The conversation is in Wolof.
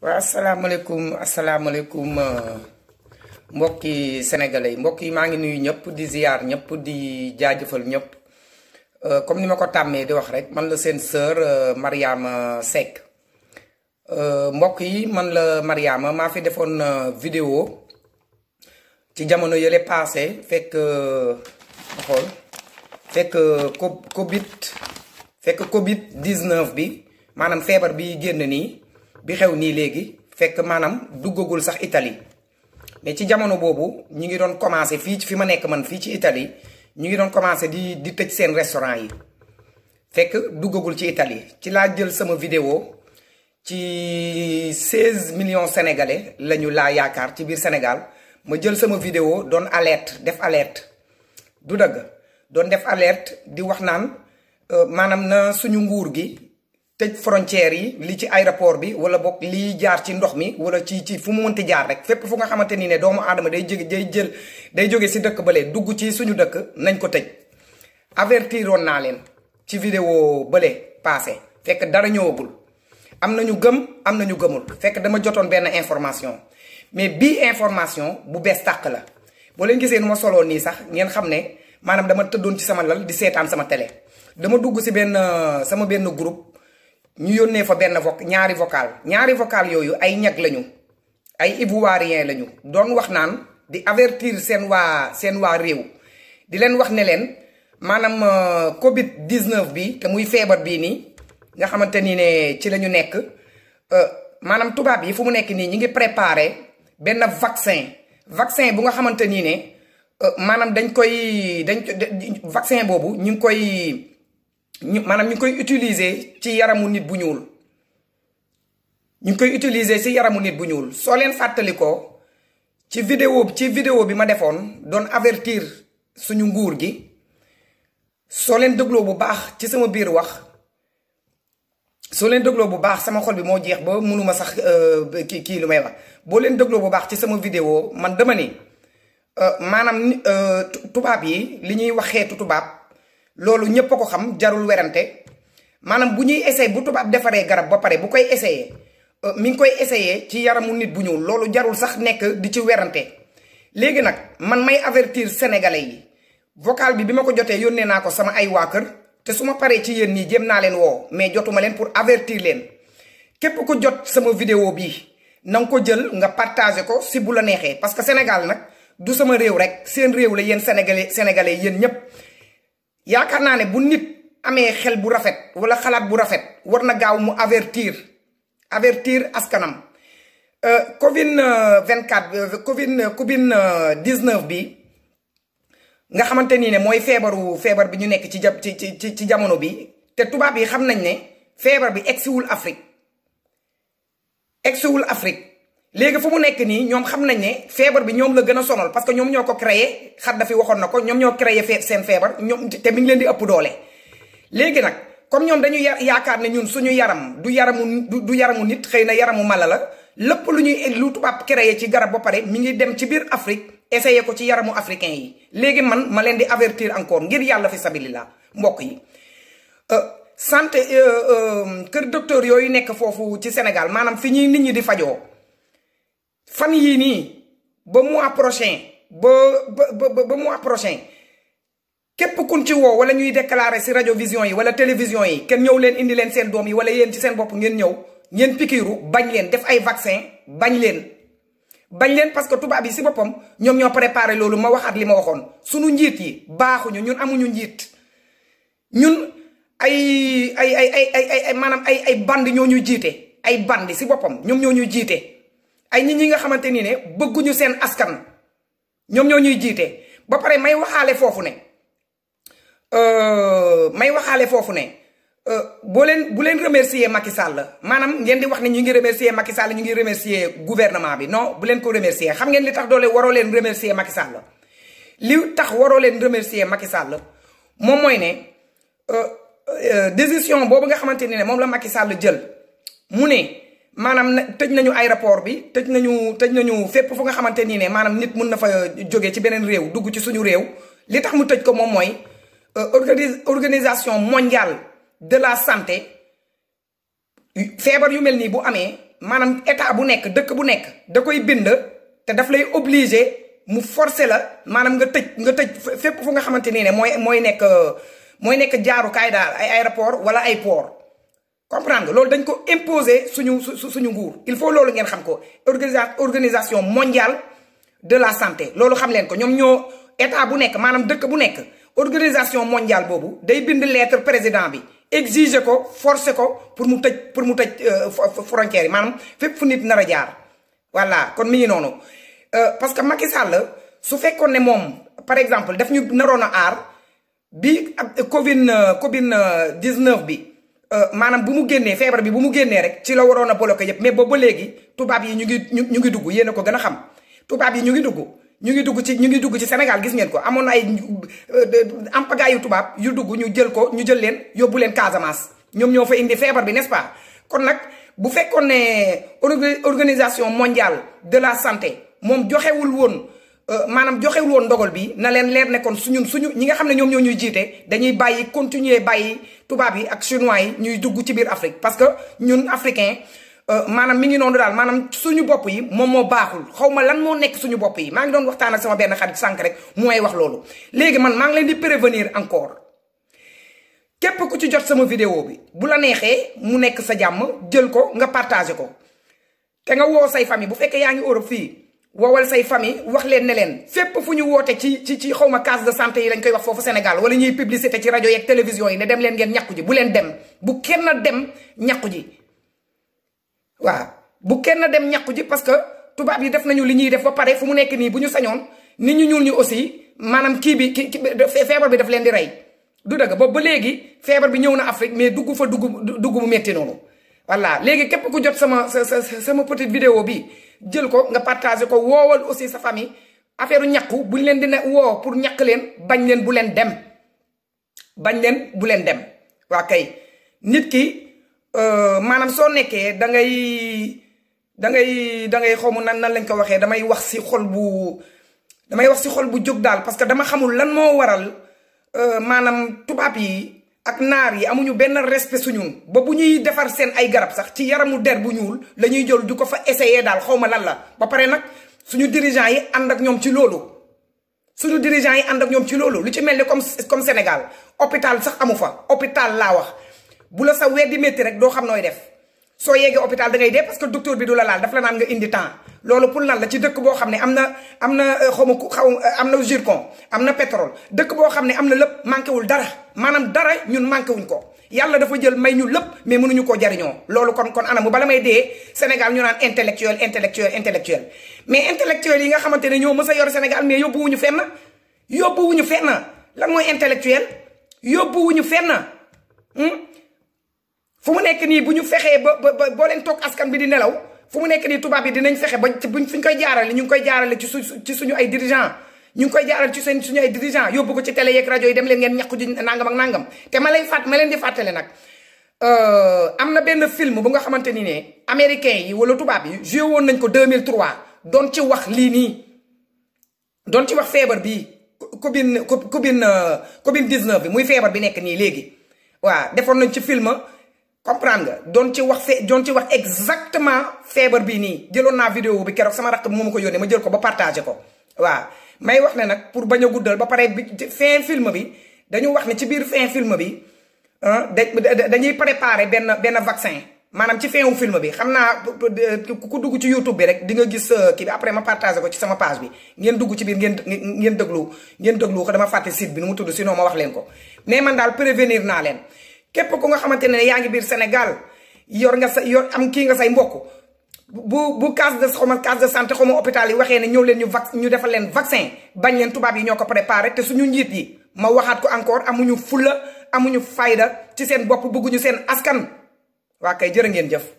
waa asalaamaaleykum asalaamaaleykum euh, mbokki sénégalais yi mbokk yi maa ngi nuyu ñëpp di ziar ñëpp di jaajëfal ñëpp euh, comme ni ma ko tàmmee di wax rek man la seen sœur euh, Mariama Seck mbokk yi man la Mariama maa fi defoon vidéo ci jamono yële passé fekk xool fekk ko covid fekk covid 19 bi maanaam feebar bi génn nii bi xew nii léegi fekk maanaam duggagul sax itali mais ci jamono boobu ñu ngi doon commencé fii fi ma nekk man fii ci itali ñu ngi doon commencé di di tëj seen restaurant yi fekk duggagul ci itali ci laa jël sama vidéo ci 16 million sénégalais la ñu laa yaakaar ci biir Sénégal ma jël sama vidéo doon alerte def alerte du dëgg doon def alerte di wax naan euh, maanaam na suñu nguur gi tëj frontière yi li ci aéroport bi wala boog li jaar ci ndox mi wala ci ci fu mu mënti jaar rek fépp fu nga xamante ni ne doomu aadama day jóge day jël day jóge si dëkk bële dugg ci suñu dëkk nañ ko tëj avertiroon naa leen ci vidéo bële passé fekk dara ñëwagul am na ñu gëm am na ñu gëmul fekk dama jotoon benn information mais bii information bu bees tàq la boo leen gisee nu ma soloon nii sax ngeen xam ne maanaam dama tëddoon ci sama lal di seetaan sama télé dama dugg si benn sama benn groupe. ñu yónnee fa benn voc ñaari vocal ñaari vocal yooyu ay ñag lañu ay ivoirien lañu doon wax naan di avertir seen waa seen waa réew di leen wax ne leen maanaam euh, Covid 19 bi te muy feebar bii nii nga xamante ni ne ci la ñu nekk euh, maanaam tubaab yi fu mu nekk nii ñu ngi préparer benn vaccin vaccin bu nga xamante ni ne euh, maanaam dañ koy dañ vaccin boobu ñu ngi koy. ñu maanaam ñu ngi koy utiliser ci yaramu nit bu ñuul ñu koy utiliser ci yaramu nit bu ñuul soo leen fàttalikoo ci vidéo ci vidéo bi ma defoon doon avertir suñu nguur gi soo leen dégloo bu baax ci sama biir wax soo leen dégloo bu baax sama xol bi moo jeex ba mënuma sax euh, kii kii lu may wax boo leen dégloo bu baax ci sama vidéo man dama ni euh, maanaam euh, tubaab yi li ñuy wax xeetu tubaab loolu ñépp a ko xam jarul werante maanaam bu ñuy essayé bu tubaab defaree garab ba pare bu koy essayé euh, mi ngi koy essayé ci yaramu nit bu ñuul loolu jarul sax nekk di ci werante léegi nag man may avertir sénégalais yi vocal bi bi ma ko jotee yónnee naa ko sama ay waa kër te su ma paree ci yéen nii jéem naa leen woo mais jotuma leen pour avertir leen képp ko jot sama vidéo bi nang ko jël nga partagé ko si bu la neexee parce que Sénégal nag du sama réew rek seen réew la yéen sénégalais sénégalais yéen ñëpp. yaakaar naa ne bu nit amee xel bu rafet wala xalaat bu rafet war na gaaw mu avertir avertir askanam euh, covid 24 euh, euh, covid covid 19 bi nga xamante ni ne mooy feebaru feebar bi ñu nekk ci ci ci jamono bi te tubaab yi xam nañ ne feebar bi egsiwul Afrique egsiwul Afrique léegi fu mu nekk nii ñoom xam nañ ne feebar bi ñoom la gën a sonal parce que ñoom ñoo ko créé xat dafi waxoon na ko ñoom ñoo créé seen feebar ñoom te mi ngi leen di ëpp doole. léegi nag comme ñoom dañu yaakaar ne ñun suñu yaram du yaramu du yaramu nit xëy na yaramu mala la lépp lu ñuy lu tubaab créé ci garab ba pare mi ngi dem ci biir Afrique essayé ko ci yaramu africain yi. léegi man ma leen di avertir encore ngir yàlla fi sabilillah mbokk yi. Euh, santé euh, euh, kër docteur yooyu nekk foofu ci Sénégal maanaam fi ñuy nit ñi di fajoo. fan yii nii ba mu prochain ba ba ba mois prochain képp kun ci woo wala ñuy déclarer si rajo vision yi wala télévision yi kenn ñëw leen indi leen seen doom yi wala yéen ci seen bopp ngeen ñëw ngeen pikiiru bañ def ay vaccin bañ leen bañ leen parce que tubaab yi si boppam ñoom ñoo préparé loolu ma waxaat li ma waxoon sunu njiit yi baaxuñu ñun amuñu njiit ñun ay ay ay ay maanaam ay ay band ñoo ñu jiite ay band si boppam ñoom ñoo ñu jiite ay nit ñi nga xamante ni ne bëgguñu seen askan ñoom ñoo ñuy jiite ba pare may waxaale foofu ne euh, may waxaale foofu ne euh, boo leen bu leen remercier Macky Sall maanaam ngeen di wax ne ñu ngi remercier Macky Sall ñu ngi remercier gouvernement bi non bu leen ko remercier xam ngeen li tax doole waroo leen remercier Macky Sall li tax waroo leen remercier Macky Sall moom mooy ne euh, décision boobu nga xamante ni ne moom la Macky Sall jël mu ne. maanaam tëj nañu aéroport bi tëj nañu tëj nañu fépp fu nga xamante nii ne maanaam nit mun na fa jóge ci beneen réew dugg ci suñu réew li tax mu tëj ko moom mooy euh, organi organisation mondiale de la santé feebar yu mel nii bu amee maanaam état bu nekk dëkk bu nekk da koy bind te daf lay obligé mu forcé la maanaam nga tëj nga tëj fépp fu nga xamante nii ne mooy mooy nekk mooy nekk jaarukaay daal ay aéroport wala ay port comprendre loolu dañ ko imposer suñu su suñu nguur il faut loolu ngeen xam ko organisa organisation mondiale de la santé loolu xam leen ko ñoom ñoo état bu nekk maanaam dëkk bu nekk organisation mondial boobu day bind lettre président bi exiger ko forcer ko pour mu tëj pour mu tëj euh, frontière yi maanaam fépp fu nit nar a jaar voilà kon mi ngi noonu euh, parce que Macky Sall su fekkoon ne moom par exemple daf ñu naroon a aar bi Covid euh, Covid 19 bi. Euh, maanaam bu mu génnee feebar bi bu mu génnee rek ci la waroon a bloqué yépp mais boobu léegi tubaab yi ñu ngi ñu ñu ngi dugg yéen ko gën a xam tubaab yi ñu ngi dugg ñu dugg ci ñu ngi dugg ci Sénégal gis ngeen ko amoon na ay euh, ampaga yu tubaab yu dugg jël ko ñu jël leen yóbbu leen Casamance ñoom ñoo fa indi feebar bi nes ce pas kon nag bu fekkoon ne organisation mondiale de la santé moom joxewul woon Euh, maanaam joxewul woon ndogal bi na leen leer ne kon suñun suñu ñi nga xam ne ñoom ñoo ñuy jiite dañuy bàyyi continuer bàyyi tubaab yi ak chinois yi ñuy dugg ci biir Afrique parce que ñun africain euh, maanaam mi ngi noonu daal maanaam suñu bopp yi moom moo baaxul xaw ma lan moo nekk suñu bopp yi maa ngi doon waxtaan ak sama benn xarit sànq rek mooy wax loolu. léegi man maa ngi leen di prévenir encore képp ku ci jot sama vidéo bi bu la neexee mu nekk sa jàmm jël ko nga partagé ko te nga woo say famille bu fekkee yaa ngi Europe fii. wowal say famille wax leen ne leen fépp fu ñu woote ci ci ci xawma case de santé yi lañ koy wax foofu Sénégal wala ñuy publicité ci rajo yeeg télévision yi ne dem leen ngeen ñàkku ji bu leen dem bu kenn dem ñàkku ji waa bu kenn dem ñàkku ji parce que tubaab yi def nañu li ñuy def ba pare fu mu nekk nii bu ñu sañoon nit ñu ñuul ñu aussi maanaam kii bi ki feebar bi daf leen di rey du dëgg boobu ba léegi feebar bi ñëw na Afrique mais dugg fa dugg dugg bu métti noonu voilà léegi képp ku jot sama sama petite vidéo bi jël ko nga partagé ko woowal aussi sa famille affaire ñàkku buñ leen di dina woow pour ñàkk leen bañ leen bu leen dem bañ leen bu leen dem waa kay nit ki euh, maanaam soo nekkee da ngay da ngay da ngay xawmu nan nan lañ ko waxee damay wax si xol bu damay wax si xol bu jóg daal parce que dama xamul lan moo waral euh, maanaam tubaab yi ak naar yi amuñu benn respect suñu ba bu ñuy defar seen ay garab sax ci yaramu der bu ñuul la ñuy jël du ko fa essayer daal xaw ma lan la ba pare nag suñu dirigeants yi ànd ak ñoom ci loolu. suñu dirigeants yi ànd ak ñoom ci loolu lu ci mel ni comme comme Sénégal hôpital sax amu fa hôpital laa wax bu la sa di métti rek doo xam nooy def. soo yeggee hôpital da ngay dee parce que docteur bi du la laal daf la naan nga indi temps loolu pour lan la ci dëkk boo xam ne am na am na euh, xaw ma xaw euh, am na zircon am na pétrole dëkk boo xam ne am na lépp manqué wul dara maanaam dara ñun manqué wuñ ko yàlla dafa jël may ñu lépp mais mënuñu koo jariñoo loolu kon kon anamu bala may dee Sénégal ñu naan intellectuel intellectuel intellectuel mais intellectuel yi nga xamante ne ñoo mës a yor Sénégal mais yóbbuwuñu fenn yóbbuwuñu fenn lan mooy intellectuel yóbbuwuñu fenn hmm? fu mu nekk nii bu ñu fexee ba ba boo leen toog askan bi di nelaw fu mu nekk nii tubaab yi dinañ fexe ba buñ ñu koy jaaral jaarale ñu ngi koy jaarale ci su ci suñu ay dirigeant ñu ngi koy jaarale ci seen suñu ay dirigeant yóbbu ko ci télé yeeg rajo yi dem leen ngeen ñàqu ji nangam ak nangam ma lay fàtt ma leen di fàttale euh, am na benn film bu nga xamante ni ne américain yi wala tubaab yi joué nañ ko 2003 doon ci wax lii nii doon ci wax feebar bi bii cobin Covid Covid 19 euh, bi muy feebar bi nekk nii léegi waaw defoon nañ ci film comprendre nga doon ci wax fee doon ci wax exactement feebar bii nii jëloon naa vidéo bi keroog sama rakk bi moom ma ko yónnee ma jël ko ba partagé ko waaw may wax ne nag pour bañ a ba pare bi fin film bi dañu wax ne ci biir fin film bi ah, dañuy préparer benn benn vaccin maanaam ci finu film bi xam naa ku dugg ci YouTube bi rek di nga gis euh, kii bi ma partagé ko ci sama page bi ngeen dugg ci biir ngeen ngeen déglu ngeen déglu ko dama fàtte site bi nu mu tudd sinon ma wax leen ko mais man daal prévenir naa leen. képp ku nga xamante ne yaa ngi biir Sénégal yor nga sa yor am kii nga say mbokk bu bu case de xawma case de santé xawma hôpital yi waxee ne ñëw leen ñu vac ñu defal leen vaccin bañ leen tubaab yi ñoo ko préparé te suñu njiit yi ma waxaat ko encore amuñu fulla amuñu fayda ci seen bopp bëgguñu seen askan waa kay jërë ngeen jëf